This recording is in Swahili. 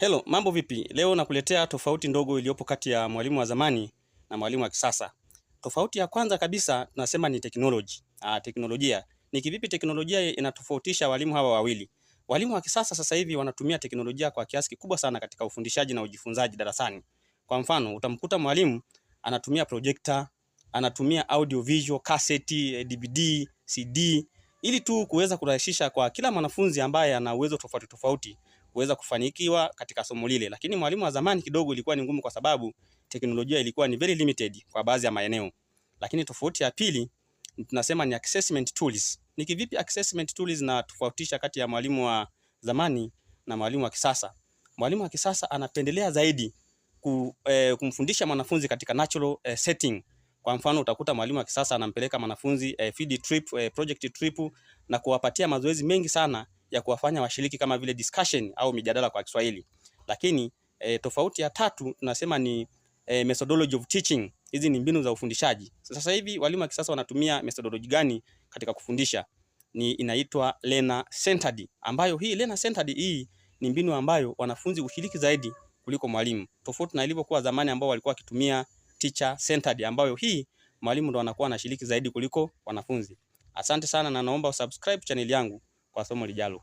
Hello, mambo vipi? Leo nakuletea tofauti ndogo iliyopo kati ya mwalimu wa zamani na mwalimu wa kisasa. Tofauti ya kwanza kabisa tunasema ni technology. Ah, teknolojia. Ni kivipi teknolojia inatofautisha walimu hawa wawili? Walimu wa kisasa sasa hivi wanatumia teknolojia kwa kiasi kikubwa sana katika ufundishaji na ujifunzaji darasani. Kwa mfano, utamkuta mwalimu anatumia projector, anatumia audio visual, cassette, DVD, CD ili tu kuweza kurahisisha kwa kila mwanafunzi ambaye ana uwezo tofauti tofauti kuweza kufanikiwa katika somo lile. Lakini mwalimu wa zamani kidogo ilikuwa ni ngumu, kwa sababu teknolojia ilikuwa ni very limited kwa baadhi ya maeneo. Lakini tofauti ya pili tunasema ni assessment tools. Ni kivipi assessment tools na tofautisha kati ya mwalimu wa zamani na mwalimu wa kisasa? Mwalimu wa kisasa anapendelea zaidi ku, eh, kumfundisha mwanafunzi katika natural eh, setting. Kwa mfano utakuta mwalimu wa kisasa anampeleka mwanafunzi eh, field trip, eh, project trip na kuwapatia mazoezi mengi sana ya kuwafanya washiriki kama vile discussion au mijadala kwa Kiswahili. Lakini e, tofauti ya tatu tunasema ni e, methodology of teaching. Hizi ni mbinu za ufundishaji. Sasa hivi walimu wa kisasa wanatumia methodology gani katika kufundisha? Ni inaitwa learner centered, ambayo hii learner centered hii ni mbinu ambayo wanafunzi hushiriki zaidi kuliko mwalimu, tofauti na ilivyokuwa zamani ambao walikuwa wakitumia teacher centered, ambayo hii mwalimu ndo anakuwa anashiriki zaidi kuliko wanafunzi. Asante sana na naomba usubscribe channel yangu પાછો મળી ચાલુ